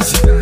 coragem.